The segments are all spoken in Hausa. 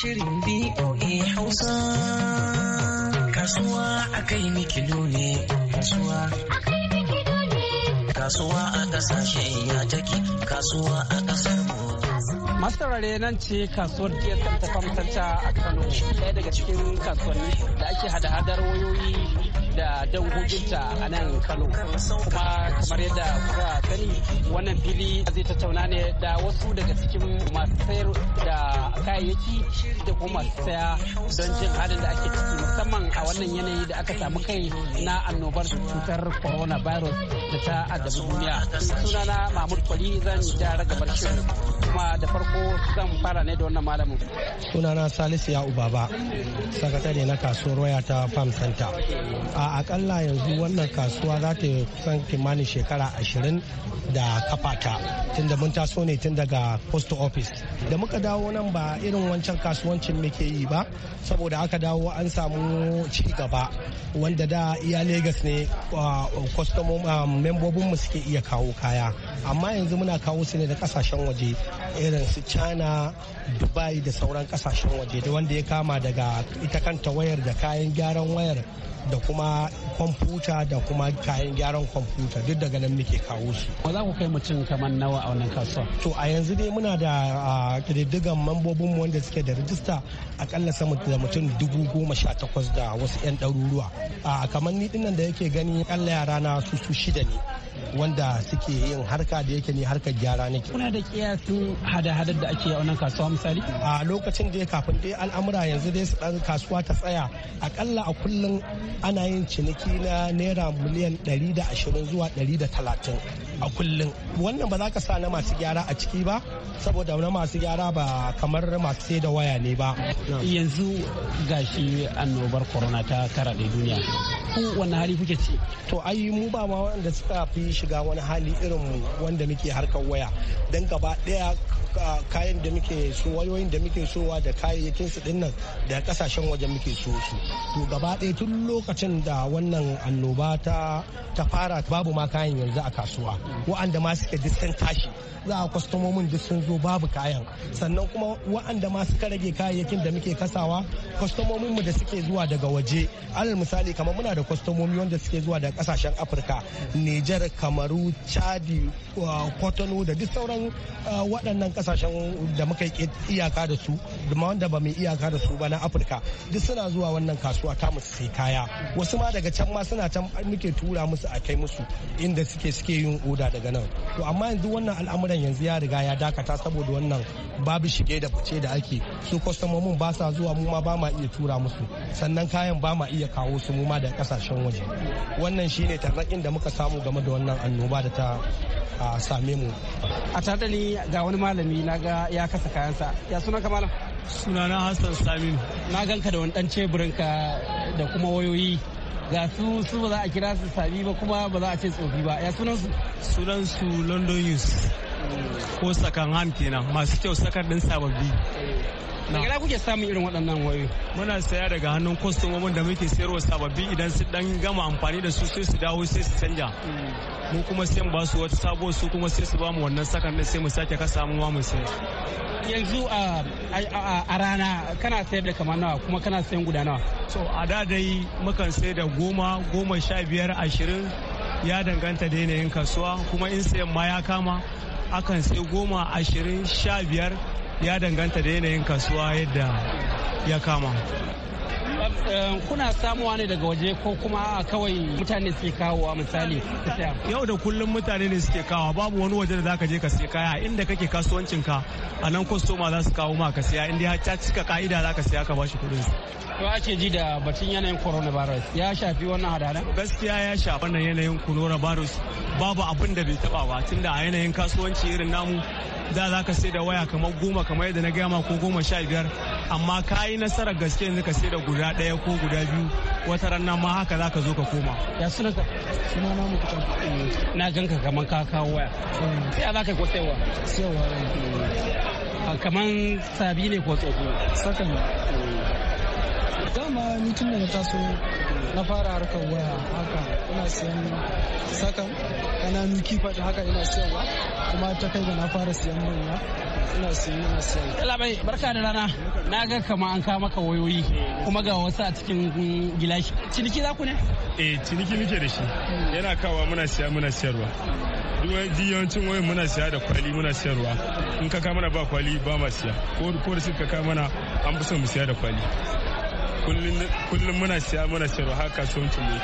shirin BOA Hausa. Kasuwa a kai mikido ne. Kasuwa. Kasuwa a kasashe ya take. Kasuwa a kasar mu. masarare nan ce kasuwar dsm ta a kano ɗaya daga cikin kasuwanni da ake hada-hadar wayoyi da dangoginta a nan kano kuma kamar yadda kuka sani wannan fili zai tattauna ne da wasu daga cikin masu sayar da kayayyaki da kuma masu saya don jin halin da ake ciki musamman a wannan yanayi da aka samu kai na annobar cutar coronavirus da ta addabi duniya sunana mahmud kwali zan ja ragabar shirin kuma da farko zan fara ne da wannan malamin sunana salisu ya uba sakatare na kasuwar waya ta farm center a a akalla yanzu wannan kasuwa za ta kusan kimanin shekara ashirin da kafata tunda mun taso ne tun daga post office da muka dawo nan ba irin wancan kasuwancin muke yi ba saboda aka dawo an samu ci gaba wanda da iya Legas ne membobin mu suke iya kawo kaya amma yanzu muna kawo su ne da kasashen waje irin su China Dubai da sauran kasashen waje da wanda ya kama daga ita kanta wayar da kayan gyaran wayar da kuma kwamfuta da kuma kayan gyaran kwamfuta duk daga nan muke kawo su. Ba za ku kai mutum kamar nawa a wannan kasuwa? To a yanzu dai muna da ƙididdigan mambobinmu wanda suke da rijista akalla sama da mutum dubu goma sha takwas da wasu 'yan ɗaruruwa. Kamar ni dinnan da yake gani akalla yara na su su shida ne. wanda suke yin harka da yake ne harkar gyara nake. Kuna da kiyasin hada-hadar da ake wannan kasuwa misali? A lokacin da ya kafin dai al'amura yanzu dai su ɗan kasuwa ta tsaya akalla a kullum ana yin ciniki na naira miliyan 120 zuwa 130 a kullum wannan ba za ka sa na masu gyara a ciki ba saboda na masu gyara ba kamar masu sai da waya ne ba yanzu gashi annobar corona ta karaɗe duniya ku wani hali kuke ci to ai mu ba ma wanda suka fi shiga wani hali irin mu wanda muke harkar waya don gaba ɗaya kayan da muke so wayoyin da muke sowa da kayayyakin su dinnan da kasashen wajen muke so su to gaba ɗaya tun lokacin da da wannan annoba ta ta fara babu ma kayan yanzu a kasuwa wa'anda ma suka duk sun tashi za a kwastomomin duk sun zo babu kayan sannan kuma wa'anda ma suka rage kayayyakin da muke kasawa kwastomomin mu da suke zuwa daga waje alal misali kamar muna da kwastomomi wanda suke zuwa daga kasashen afirka nijar kamaru chadi kotonu da duk sauran waɗannan kasashen da muka iyaka da su da wanda ba mu iyaka da su ba na afirka duk suna zuwa wannan kasuwa ta musu sai kaya wasu ma daga can ma suna can muke tura musu a kai musu inda suke suke yin oda daga nan to amma yanzu wannan al'amuran yanzu ya riga ya dakata saboda wannan babu shige da fice da ake su mun ba sa zuwa mu ma ba ma iya tura musu sannan kayan ba ma iya kawo su mu ma da kasashen waje wannan shine tarnaƙin da muka samu game da wannan annoba da ta a same mu. A tadali ga wani malami na ga ya kasa kayansa. Ya suna ka malam? na Hassan samin. Na ganka da wani dan ceburinka da kuma wayoyi ga su su ba za a kira su sami ba kuma ba za a ce tsofi ba ya sunan su sunan su london youth ko sakan ham kenan masu kyau sakar din sababbi daga kuke samun irin waɗannan wayoyi muna saya daga hannun kwastomomin da muke sayarwa sababbi idan su dan gama amfani da su sai su dawo sai su canja mu kuma sai mu ba su wata sabuwar su kuma sai su ba mu wannan sakan sai mu sake kasa mu ma mu sayar yanzu a rana kana sayar da kamar nawa kuma kana sayan guda nawa so a da dai mukan sayar da goma goma sha biyar ashirin ya danganta da yanayin kasuwa kuma in sayan ma ya kama akan sai goma ashirin sha biyar ya danganta da yanayin kasuwa yadda ya kama Eh, kuna samuwa ne daga waje ko kuma kawai mutane suke a misali yau da kullum mutane ne suke kawo babu wani waje da zaka je ka siya kaya inda kake kasuwancin ka a nan kwastoma za su kawo ma ka siya inda ta cika ka'ida za ka siya ka bashi kuɗin to ake ji da batun yanayin coronavirus ya shafi wannan hadana gaskiya ya shafi wannan yanayin coronavirus babu abin da bai taba ba tunda a yanayin kasuwanci irin namu da za ka sai da waya kamar goma kamar yadda na gaya ma ko goma sha biyar amma ka yi nasarar gaske yanzu ka sai da guda ɗaya ɗaya ko guda biyu wata ranar ma haka za ka zo ka koma. Ya suna ka? Suna na mu kuta. Na gan ka kamar ka kawo waya. Sai hmm. za ka ko Sayawa Saiwa. Kamar sabi ne ko tsofi? Sakan. Hmm. Dama ni tun da na taso na fara harkar waya haka ina siyan sakan ƙananu kifa haka ina siyarwa kuma ta kai da na fara siyan manya ina siyan ina siyan labai barka da rana na ga kama an kawo maka wayoyi kuma ga wasu a cikin gilashi ciniki za ku ne eh ciniki muke da shi yana kawo muna siya muna siyarwa duk yawancin wayoyin muna siya da kwali muna siyarwa in ka ka mana ba kwali ba ma siya ko da suka ka mana an fi son mu siya da kwali kullum muna siya muna siyarwa haka kasuwancin mu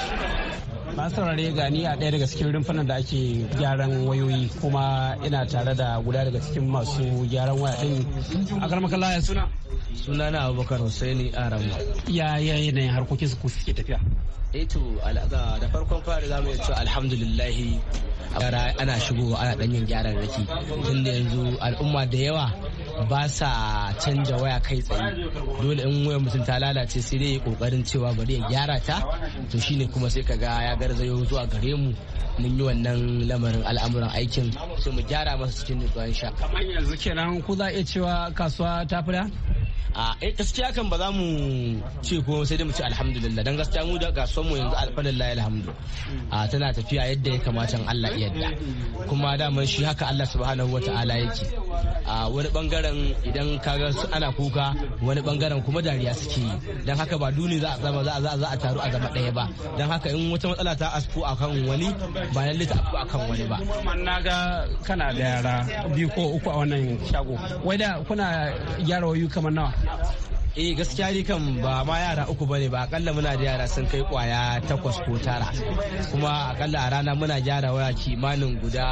masu saurare gani a ɗaya daga cikin rumfunan da ake gyaran wayoyi kuma ina tare da guda daga cikin masu gyaran waya din a karmakala ya suna suna na abubakar husaini aramu ya yi yanayin harkokin su suke tafiya eh to da farkon fara za mu yi cewa alhamdulillahi ana shigo ana ɗanyen gyaran raki da yanzu al'umma da yawa ba sa canja waya kai tsaye dole in wayar mutum ta lalace sai dai kokarin cewa bari ya gyara ta to shine kuma sai kaga ya garzayo zuwa gare mu mun yi wannan lamarin al'amuran aikin sai mu gyara masa cikin nutsuwa sha. kamar yanzu kenan ku za iya cewa kasuwa ta da. a eh gaskiya kan ba za mu ce ko sai dai mu ce alhamdulillah dan gaskiya mu da kasuwar mu yanzu alhamdulillah alhamdu a tana tafiya yadda ya kamata in Allah ya yarda kuma daman shi haka Allah subhanahu wataala yake a wani bangaren idan kaga su ana kuka wani bangaren kuma dariya suke yi dan haka ba duni za a zama za a za a taru a zama ɗaya ba dan haka in wata matsala ta asfu akan wani ba lalle ta asfu akan wani ba na ga kana da yara biyu ko uku a wannan shago wai da kuna gyara wayu kamar nawa eh gaskiya ni kan ba ma yara uku bane ba akalla muna da yara sun kai kwaya takwas ko tara kuma akalla a rana muna gyara waya kimanin guda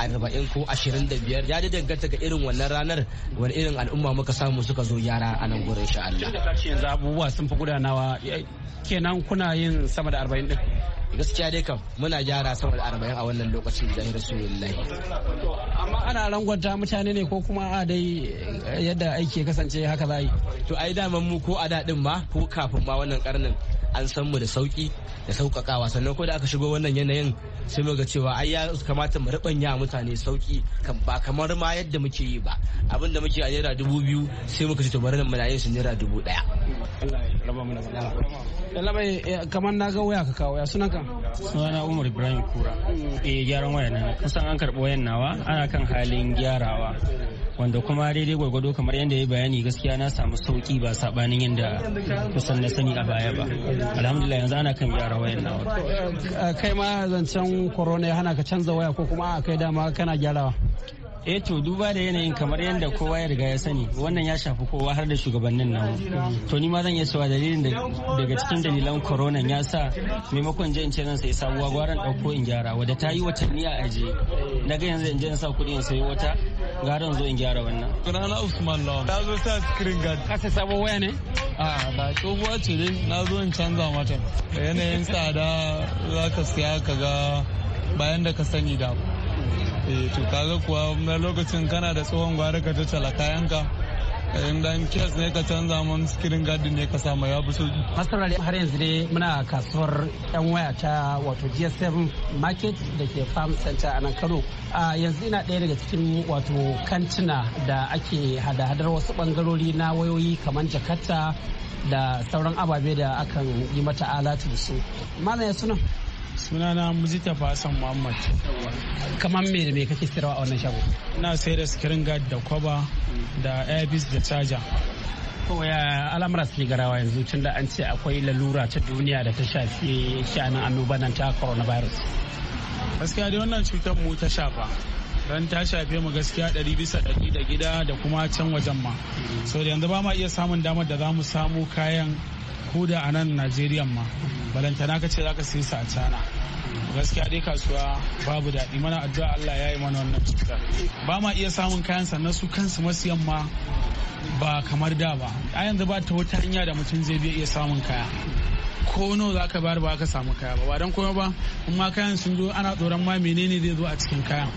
arba'in ko ashirin da biyar ya da danganta ga irin wannan ranar wani irin al'umma muka samu suka zo gyara a nan gurin insha Allah. Yanzu abubuwa sun fi gudanawa eh, kenan kuna yin sama da arba'in din gaskiya dai kam muna gyara sama da arba'in a wannan lokacin da rasulullahi amma ana rangwanta mutane ne ko kuma a dai eh, yadda aiki kasance haka za to ai daman mu ko a daɗin ma ko kafin ma wannan karnin an san mu da sauki da sauƙaƙawa sannan ko da aka shigo wannan yanayin sai muka cewa ai ya kamata mu rubanya mutane sauki ba kamar ma yadda muke yi ba abin da muke a naira dubu biyu sai muka ce to bari mu yin su naira dubu ɗaya. Allah eh, kamar na ga waya ka kawo ya sunan ka. Sunana Umar Ibrahim Kura. Eh gyaran waya na kusan an karɓi wayan nawa ana kan halin gyarawa. wanda kuma daidai gwargwado kamar yadda ya bayani gaskiya na samu sauki ba sabanin yadda kusan na sani a baya ba alhamdulillah yanzu ana kan gyara wayan nawa eh, kai ma zancen corona ya hana ka canza waya ko kuma a kai dama kana gyarawa E to duba da yanayin kamar yadda kowa ya riga ya sani wannan ya shafi kowa har da shugabannin namu to ni ma zan iya cewa dalilin daga cikin dalilan corona ya sa maimakon jan ce zan sai sabuwa gwaran dauko in gyara wadda ta yi watanni a ajiye na ga yanzu in je in sa kuɗi in sayi wata gara zo in gyara wannan sunana usman lawan na zo sa screen guard kasa sabon waya ne a ba tsohuwa ce dai na zo in canza mata yanayin tsada za ka siya ka ga bayan da ka sani da eh, to kaga kuwa na lokacin kana da tsohon gwara ka tattala kayanka in dan kes ne ka canza mun screen guard ne ka sama ya buso masarari har yanzu ne muna kasuwar yan waya ta wato gs7 market da ke farm center a nan Kano yanzu ina ɗaya daga cikin wato kantina da ake hada-hadar wasu bangarori na wayoyi kamar jakarta da sauran ababe da akan yi mata alatu da su malaya sunan sunana muzita fasan muhammad kamar mai da me kake sayarwa a wannan shago ina sayar da screen guard da kwaba da airbus da charger to ya al'amura suke garawa yanzu tun da an ce akwai lalura ta duniya da ta shafi sha'anin annoba nan ta coronavirus gaskiya dai wannan cutar mu ta shafa Ran ta shafe mu gaskiya ɗari bisa ɗari da gida da kuma can wajen ma mm. so yanzu ba ma iya samun damar da za mu samu kayan ko da a nan najeriya ma balantana ka ce za ka su a cana gaskiya dai kasuwa babu daɗi mana addu'a allah ya yi mana wannan cutar ba ma iya samun kayan sannan su kansu masiyan ma ba kamar da ba a yanzu ba ta wata hanya da mutum zai biya iya samun kaya ko nawa za ka bayar ba ka samu kaya ba ba don kuma ba in ma kayan sun zo ana tsoron ma menene zai zo a cikin kaya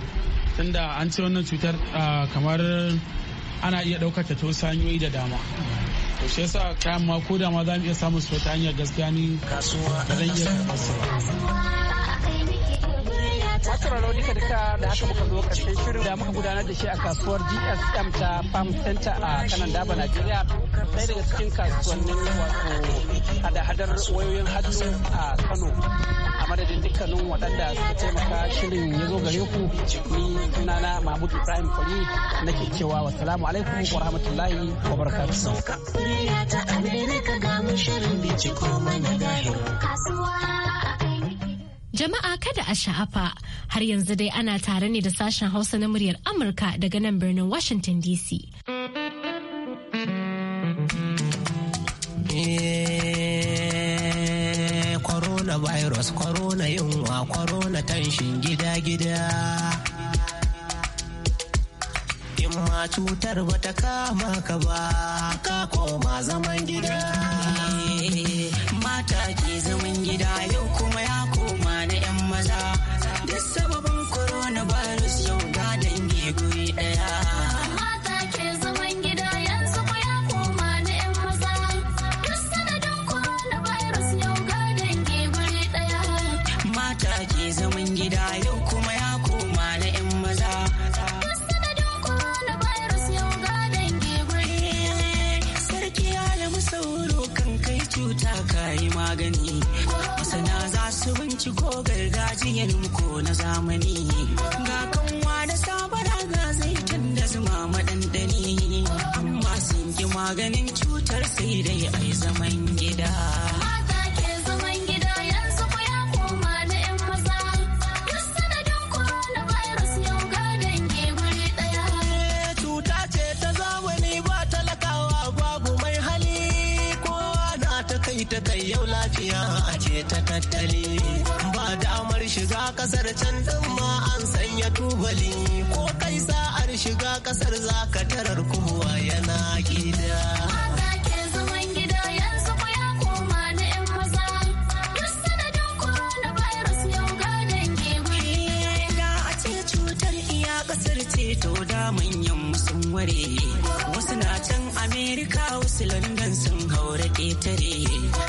tunda an ce wannan cutar ah, kamar ana iya ɗaukar ta ta hanyoyi da dama to shi yasa kayan ma ko da ma za mu iya samun su ta hanyar gaskiya ni kasuwa da zan iya karɓar masu raunika duka da aka muka zo karshen shirin da muka gudanar da shi a kasuwar gsm ta farm center a kanan daba najeriya Sai daga cikin kasuwannin wato hada-hadar wayoyin hannu a kano a madadin dukkanin waɗanda suka taimaka shirin ya zo gare ku ni sunana mahmud ibrahim kwari nake cewa wasalamu alaikum wa rahmatullahi wa barakatuhu ta Amerika ga mun shirin binciko mana gahiro. Kasuwa Jama'a kada a sha'afa har yanzu dai ana tare ne da sashen Hausa na muryar Amurka daga nan birnin Washington DC. Eh, corona virus, corona yunwa, corona tanshin gida-gida. In ma cutar ba ta kama ka ba, ka koma zaman gida. Eh, mata ke zaman gida yau kuma ya kwana lafiya a ce ta tattali ba damar shiga kasar can ma an sanya tubali ko kai sa'ar shiga kasar zaka tarar kowa yana gida. to da sun ware wasu na can amerika wasu london sun haura ƙetare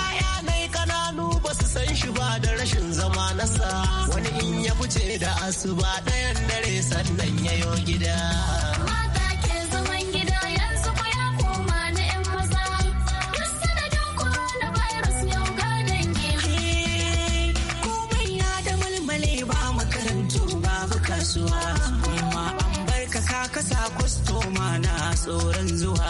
ce da asuba ɗayan dare sannan yayo gida. Mata ke zaman gida yanzu ko ya koma na 'yan maza. Duk sanadin coronavirus yau gadon gida. Komai ya da mulmule ba makarantu babu kasuwa. Amma an barka ka kasa kwastoma na tsoron zuwa.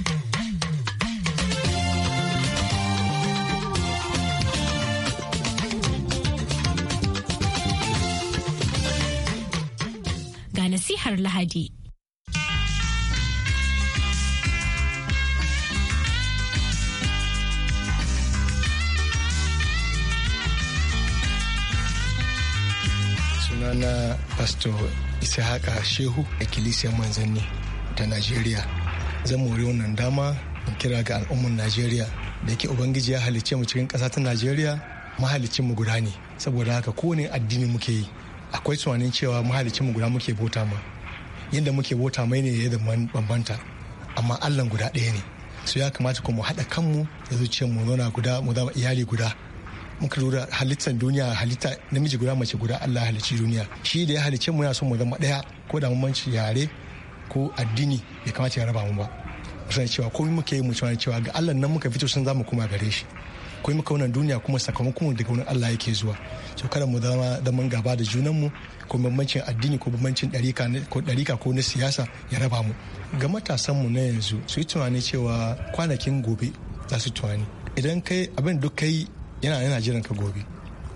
har Lahadi. Sunana Pastor Isahaka Shehu, Ekkilisiyar Manzanni ta Najeriya. Zan mori wannan dama in kira ga al'ummar Najeriya da ke Ubangiji ya halicce mu cikin ƙasa ta Najeriya mahalicin mu guda ne saboda haka kowane addini muke yi akwai tunanin cewa mahalicin mu guda muke bota ma yadda muke bota mai ne da bambanta amma allah guda ɗaya ne su ya kamata ko mu haɗa kanmu da zuciyar mu zauna guda mu zama iyali guda muka lura halittar duniya halitta namiji guda mace guda allah halicci duniya shi da ya halicce mu yana son mu zama ɗaya ko da mamanci yare ko addini bai kamata ya raba mu ba musamman cewa komai muke yi mu cewa ga allah nan muka fito sun zamu kuma gare shi komai muka wannan duniya kuma sakamakon daga wani allah yake zuwa so kada mu zama da mun gaba da junanmu ko bambancin addini ko bambancin ɗarika ko na siyasa ya raba mu ga matasanmu na yanzu su yi tunani cewa kwanakin gobe za su tunani idan kai abin duk kai yana yana jiran ka gobe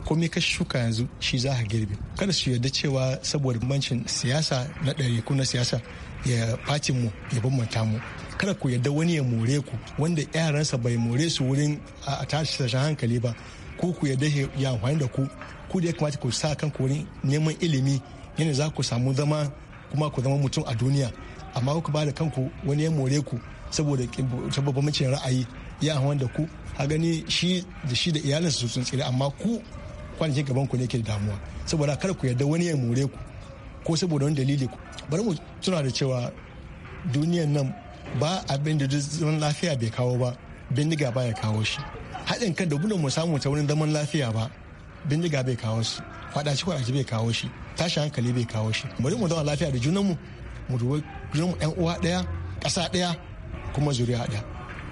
komai ka shuka yanzu shi za ka girbe kada su yarda cewa saboda bambancin siyasa na ɗari ko na siyasa ya faci mu ya bambanta mu kada ku yarda wani ya more ku wanda yaransa bai more su wurin a sashen hankali ba ko ku yarda ya amfani da ku ku da ya kamata ku sa kanku wurin neman ilimi yadda za ku samu zama kuma ku zama mutum a duniya amma kuka ba da kanku wani ya more ku saboda mucin ra'ayi ya amfani da ku a gani shi da shi da iyalinsa sun tsira amma ku kwanaki gaban ku ne ke damuwa saboda kar ku yarda wani ya more ku ko saboda wani dalili ku bari mu tuna da cewa duniyan nan ba abin da zaman lafiya bai kawo ba bindiga ba ya kawo shi haɗin kan da gudun mu samu ta wurin zaman lafiya ba bindiga bai kawo su faɗaci faɗaci bai kawo shi tashi hankali bai kawo shi bari mu zama lafiya da junanmu mu duba junanmu ɗan uwa ɗaya ƙasa ɗaya kuma zuriya ɗaya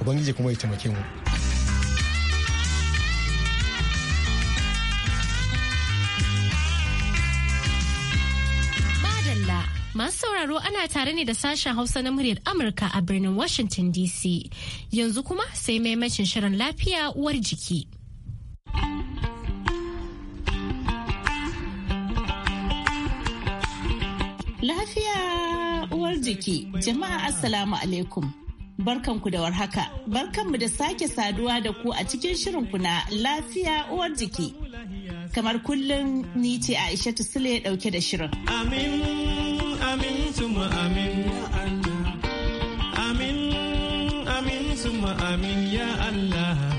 ubangiji kuma ya taimake mu Masu sauraro ana tare ne da sashen Hausa na muryar Amurka a birnin Washington DC. Yanzu kuma sai maimacin shirin lafiya uwar jiki. Lafiya uwar jiki, jama'a Assalamu alaikum. Barkanku da warhaka, barkanmu da sake saduwa da ku a cikin shirinku na lafiya uwar jiki. Kamar kullum ni ce Aisha Sule dauke da shirin. summa amin ya Allah amin amin summa amin ya Allah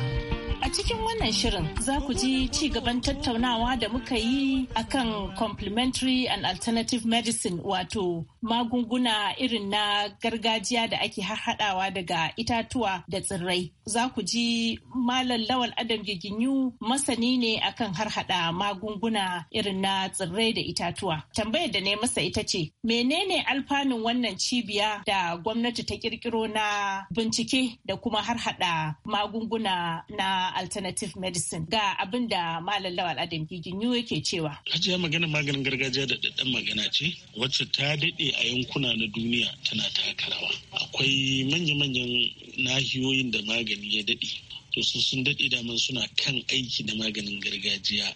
cikin wannan shirin za ku ji ci gaban tattaunawa da muka yi akan complementary and alternative medicine wato magunguna irin na gargajiya da ake harhaɗawa daga itatuwa da tsirrai. Za ku ji Malam Lawal Adam Giginyu masani ne akan harhaɗa magunguna irin na tsirrai da itatuwa. Tambayar da ne masa ita ce, menene alfanun wannan cibiya da gwamnati ta kirkiro na bincike da kuma harhaɗa magunguna na alternative medicine ga abin da malam lawal adam giginyu yake cewa hajiya magana maganin gargajiya da daddan magana ce wacce ta daɗe a yankuna na duniya tana takarawa. akwai manya-manyan nahiyoyin da magani ya daɗe to su sun daɗe daman suna kan aiki da maganin gargajiya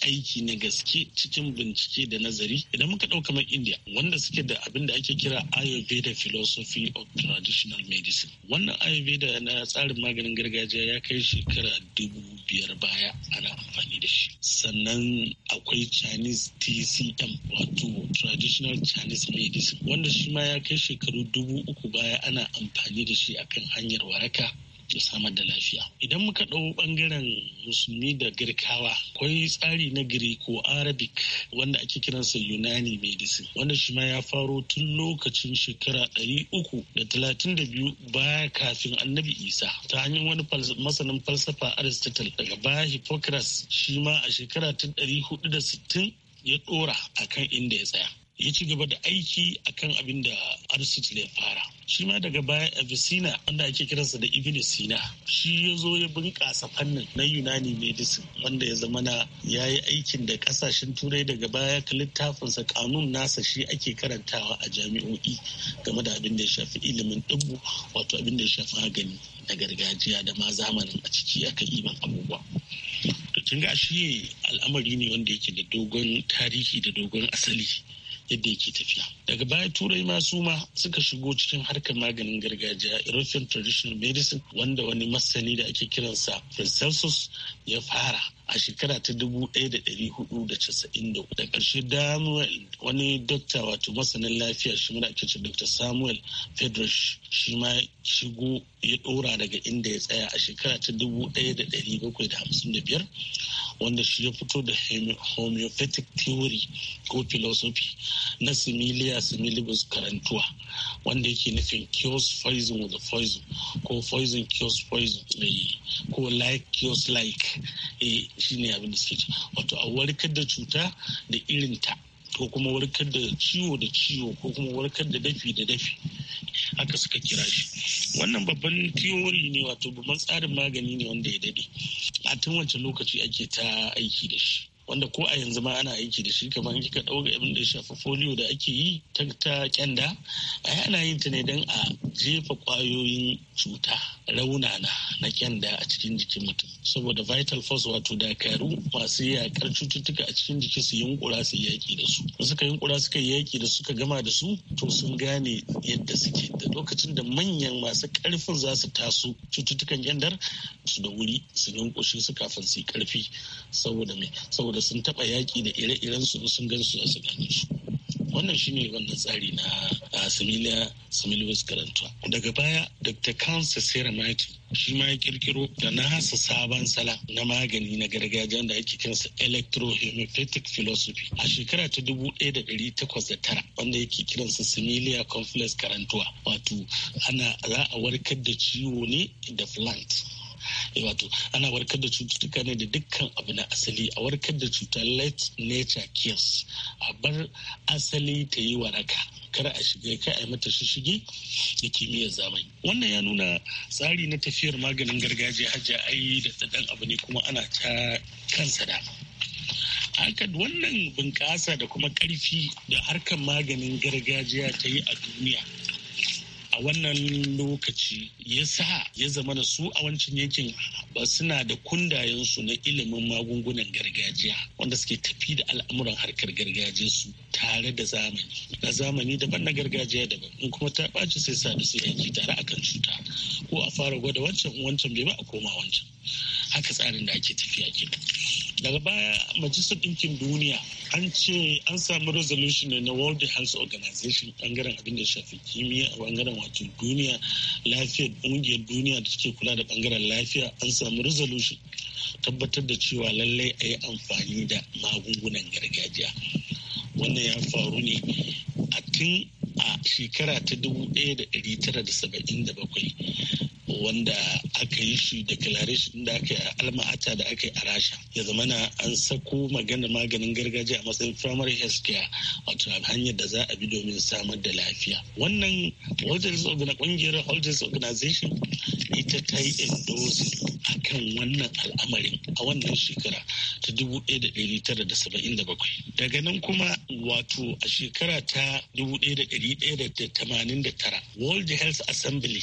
aiki na gaske cikin bincike da nazari idan muka ɗauka kamar india wanda suke da abin da ake kira ayurveda philosophy of traditional medicine wannan ayurveda na tsarin maganin gargajiya ya kai shekara dubu biyar baya ana amfani da shi sannan akwai chinese tcm wato traditional chinese medicine wanda shi ma ya kai shekaru dubu uku baya ana amfani da shi akan hanyar waraka ya samar da lafiya idan muka ɗau ɓangaren musulmi da girkawa akwai tsari na ko arabic wanda ake kiransa yunani medicine wanda shi ma ya faro tun lokacin shekara ɗari uku da talatin da biyu baya kafin annabi isa ta hanyar wani masanin falsafa aristotle daga baya hippocrates shi ma a shekara ta ɗari hudu da sittin ya ɗora akan inda ya tsaya ya ci gaba da aiki akan abin da aristotle ya fara shi ma daga baya Avicenna wanda ake kiransa da Ibn Sina shi ya zo ya bunƙasa fannin na Yunani medicine wanda ya zama na ya yi aikin da kasashen turai daga baya ka littafinsa kanun nasa shi ake karantawa a jami'o'i game da abin da ya shafi ilimin dubu wato abin da ya shafi magani na gargajiya da ma zamanin a ciki aka iman abubuwa. To kin ga shi al'amari ne wanda yake da dogon tarihi da dogon asali. yadda yake tafiya daga baya turai masu ma suka shigo cikin harkar maganin gargajiya european traditional medicine wanda wani masani da ake kiransa Francesus ya fara a shekara ta ɗaya da ƙarshe Daniel wani dokta wato masanin lafiya shi muna ake ce Dr. Samuel Fedrush shi ma shigo ya ɗora daga inda ya tsaya a shekara ta biyar wanda shi ya fito da homeopathic theory ko philosophy na similia similibus karantuwa wanda yake nufin cures poison with poison ko poison cures poison ko like cures like eh, shine abin da suke ci wato a warkar da cuta da irinta ko kuma warkar da ciwo da ciwo ko kuma warkar da dafi da dafi haka suka kira shi wannan babban tiyori ne wato babban tsarin magani ne wanda ya dade a tun wancan lokaci ake ta aiki da shi wanda ko a yanzu ma ana aiki da shi kamar kika ɗauka abin da ya shafi folio da ake yi ta kyanda a ana yin ta ne don a jefa kwayoyin cuta raunana na kyanda a cikin jikin mutum saboda vital force wato dakaru masu yakar cututtuka a cikin jiki su yunkura su yaki da su suka yunkura suka yaki da suka gama da su to sun gane yadda suke da lokacin da manyan masu karfin za su taso cututtukan kyandar su da wuri su yunkushe su kafin su yi karfi saboda mai. saboda da sun taɓa yaƙi da ire-iren su sun gan su a tsakanin su wannan shine wannan tsari na ah, similia similibus karantuwa daga baya dr kansa seramati shi ma ya kirkiro da nasa sabon sala na magani na gargajiya da ake kinsa electrohemopathic philosophy a shekara ta 1809 wanda yake kiransa similia complex karantuwa wato ana za a warkar da ciwo ne da plant wato ana warkar da cututtuka ne da dukkan abu na asali a warkar da cuta let nature cures a bar asali ta yi waraka kar a shiga kai a mata shishigi da kimiyyar zamani wannan ya nuna tsari na tafiyar maganin gargajiya hajja ai da tsadan abu ne kuma ana ta kansa da haka wannan bunƙasa da kuma ƙarfi da harkar maganin gargajiya ta yi a duniya a wannan lokaci ya sa ya zama da su a wancan yankin ba suna da kundayensu na ilimin magungunan gargajiya wanda suke tafi da al'amuran harkar gargajiya su tare da zamani na zamani daban na gargajiya daban in kuma ta ɓaci sai sa da su yanki tare akan cuta ko a fara gwada wancan wancan bai ba a koma wancan haka tsarin da ake tafiya kenan daga baya majalisar ɗinkin duniya an ce an samu resolution na world health organization bangaren abin da shafi kimiyya a bangaren wato duniya lafiyar ƙungiyar duniya da take kula da bangaren lafiya an samu resolution tabbatar da cewa lallai a yi amfani da magungunan gargajiya wannan ya faru ne a tun a shekara ta 1977 wanda aka yi shi declaration da aka yi alma'ata da aka yi a rasha ya zamana an sako maganar maganin gargajiya a matsayin primary health care wato hanyar da za a bi domin samar da lafiya wannan holders na kungiyar organization ita ta yi endorsing A kan wannan al'amarin a wannan shekara ta 1977 daga nan kuma wato a shekara ta 1989 world health assembly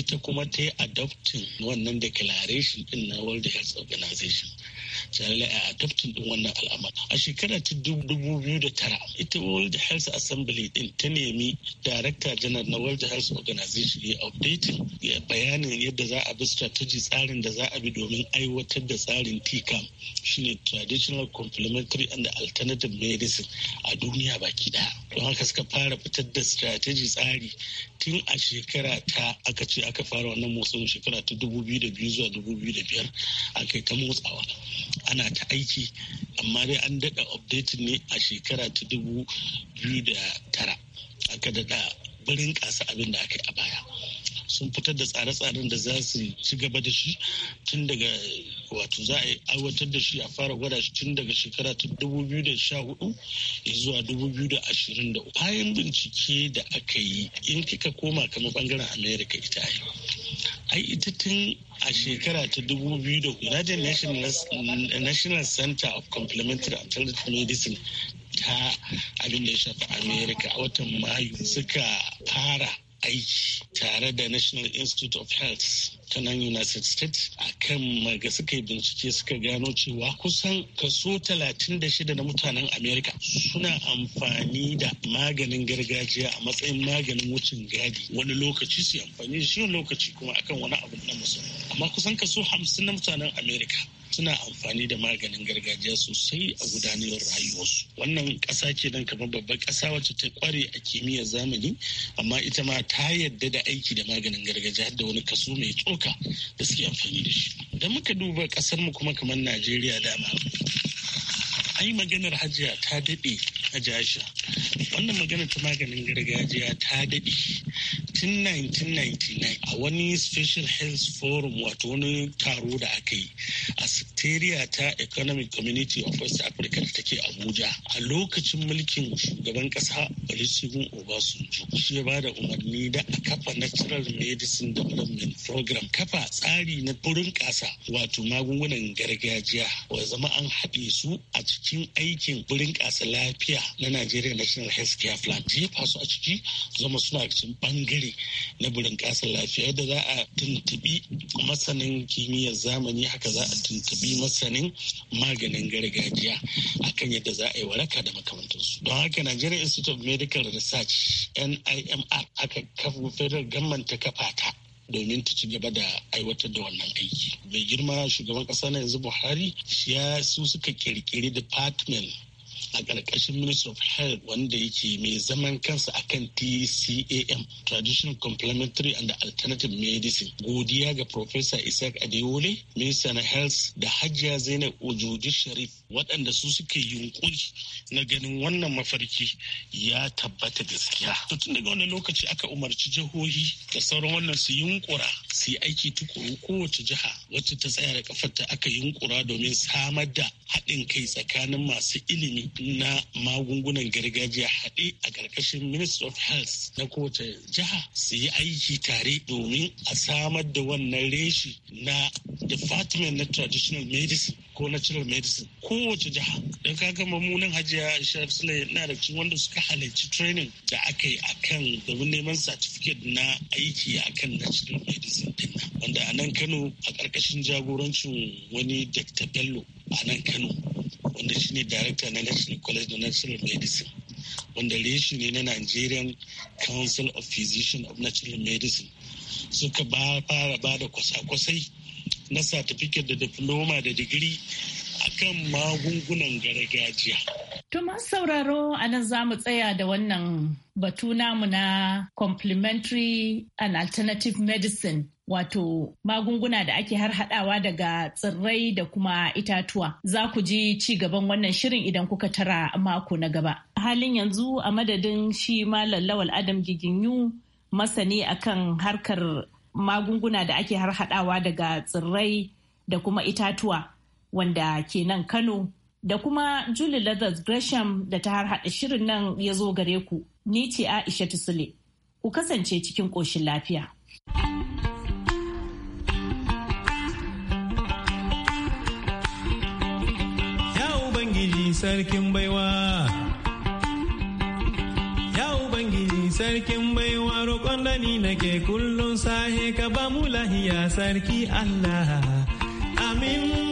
ita kuma ta yi adoptin wannan declaration din na world health organization lalle a adaptin din wannan al'amari a shekara ta dubu biyu da tara ita world health assembly din ta nemi director general na world health organization ya updating ya bayanin yadda za a bi strategy tsarin da za a bi domin aiwatar da tsarin ticam shine traditional complementary and alternative medicine a duniya baki daya don haka suka fara fitar da strategy tsari tun a shekara ta aka ce aka fara wannan motsin shekara ta dubu biyu da biyu zuwa dubu biyu da biyar aka yi ta motsawa ana ta aiki amma dai an daɗa update ne a shekara ta dubu biyu da tara aka daɗa barin ƙasa abin da aka yi a baya sun fitar da tsare-tsaren da za su ci gaba da shi tun daga wato za a aiwatar da shi a fara gwada shi tun daga shekara ta dubu biyu da sha ya zuwa dubu biyu da ashirin uku. bayan bincike da aka yi in kika koma kamar bangaren america ita ai ita tun a shekara ta 2000 United National Center of Complementary Alternative Medicine ta abin da ya shafi Amerika a watan Mayu suka fara aiki tare da National Institute of Health ta nan United States a kan maga suka yi bincike suka gano cewa kusan kaso 36 na mutanen Amerika suna amfani da maganin gargajiya a matsayin maganin wucin gadi wani lokaci su amfani da shi lokaci kuma akan wani abu na musamman amma kusan kaso 50 na mutanen Amerika suna amfani da maganin gargajiya sosai a gudanar rayuwarsu wannan ƙasa ce nan kamar babbar ƙasa wacce ta kware a kimiyyar zamani amma ita ma ta yadda da aiki da maganin gargajiya da wani kaso mai tsoka da suke amfani da shi Da muka duba mu kuma kamar najeriya dama ai maganar hajiya ta daɗe a jasha wannan maganar ta maganin gargajiya ta daɗe tun 1999 a wani special health forum wato wani taro da aka yi a secretariat ta economic community of west africa da take abuja a lokacin mulkin shugaban kasa olusegun obasanjo shi ya bada umarni da a kafa natural medicine development program kafa tsari na burin kasa wato magungunan gargajiya wa zama an haɗe su a cikin aikin burin kasa lafiya na nigeria national health care plan jefa su a ciki zama suna cikin bangare na bunƙasar lafiya yadda za a tuntubi masanin kimiyyar zamani haka za a tuntubi masanin maganin gargajiya akan yadda za a yi waraka da makamantansu don haka nigerian institute of medical research nimr aka kafa federal government ta kafa ta domin ta ci gaba da aiwatar da wannan aiki. Mai girma shugaban ƙasa na yanzu Buhari ya su suka kirkiri department a ƙarƙashin ministry of health wanda yake mai zaman kansa akan tcam traditional complementary and alternative medicine godiya ga professor isaac adewole minister na health da hajiya zainab ojoji sharif waɗanda su suke yunkuri na ganin wannan mafarki ya tabbata gaskiya. To tun daga wani lokaci aka umarci jihohi da sauran wannan su yunkura su yi aiki tukuru kowace jiha wacce ta tsaya da kafarta aka yunkura domin samar da haɗin kai tsakanin masu ilimi na magungunan gargajiya haɗe a ƙarƙashin Ministry of Health na kowace jiha su yi aiki tare domin a samar da wannan reshi na Department na Traditional Medicine ko Natural Medicine ko kowace jiha don ka gama hajiya ishar sule na da cikin wanda suka halarci training da aka yi akan domin neman certificate na aiki akan national medicine din wanda a nan kano a ƙarƙashin jagorancin wani dr bello a nan kano wanda shine director na national college of national medicine wanda reshi ne na nigerian council of physicians of natural medicine suka fara ba da kwasa-kwasai na certificate da diploma da digiri akan magungunan gargajiya. Tuma sauraro a nan za mu tsaya da wannan batu namu na complementary and alternative medicine wato magunguna da ake har hadawa daga tsirrai da kuma itatuwa za ku ji ci gaban wannan shirin idan kuka tara mako na gaba halin yanzu a madadin shi malam lawal adam giginyu masani akan harkar magunguna da ake har hadawa daga tsirrai da kuma itatuwa wanda ke nan Kano da kuma Julie Leathers Gresham da ta harhaɗa shirin nan ya zo gare ku. Ni ce Aisha Tusule. Ku kasance cikin ƙoshin lafiya. Ya Ubangiji sarkin baiwa. Ya Ubangiji sarkin baiwa roƙon da ni nake kullum sahe ka ba mu lahiya sarki Allah. Amin.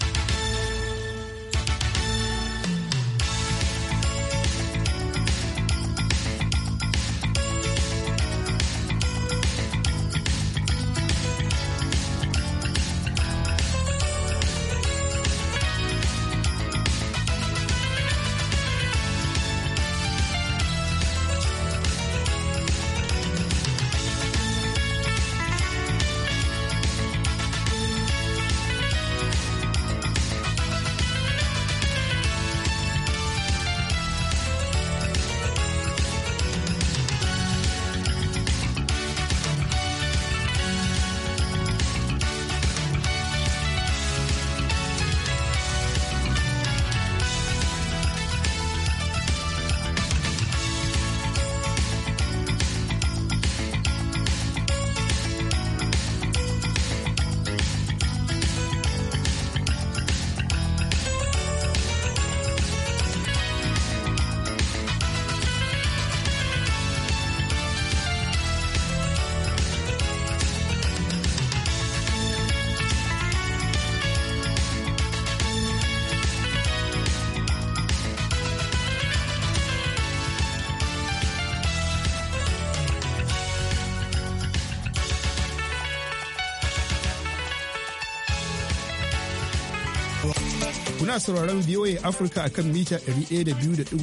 Kuna sauraron VOA Africa akan mita ɗigo.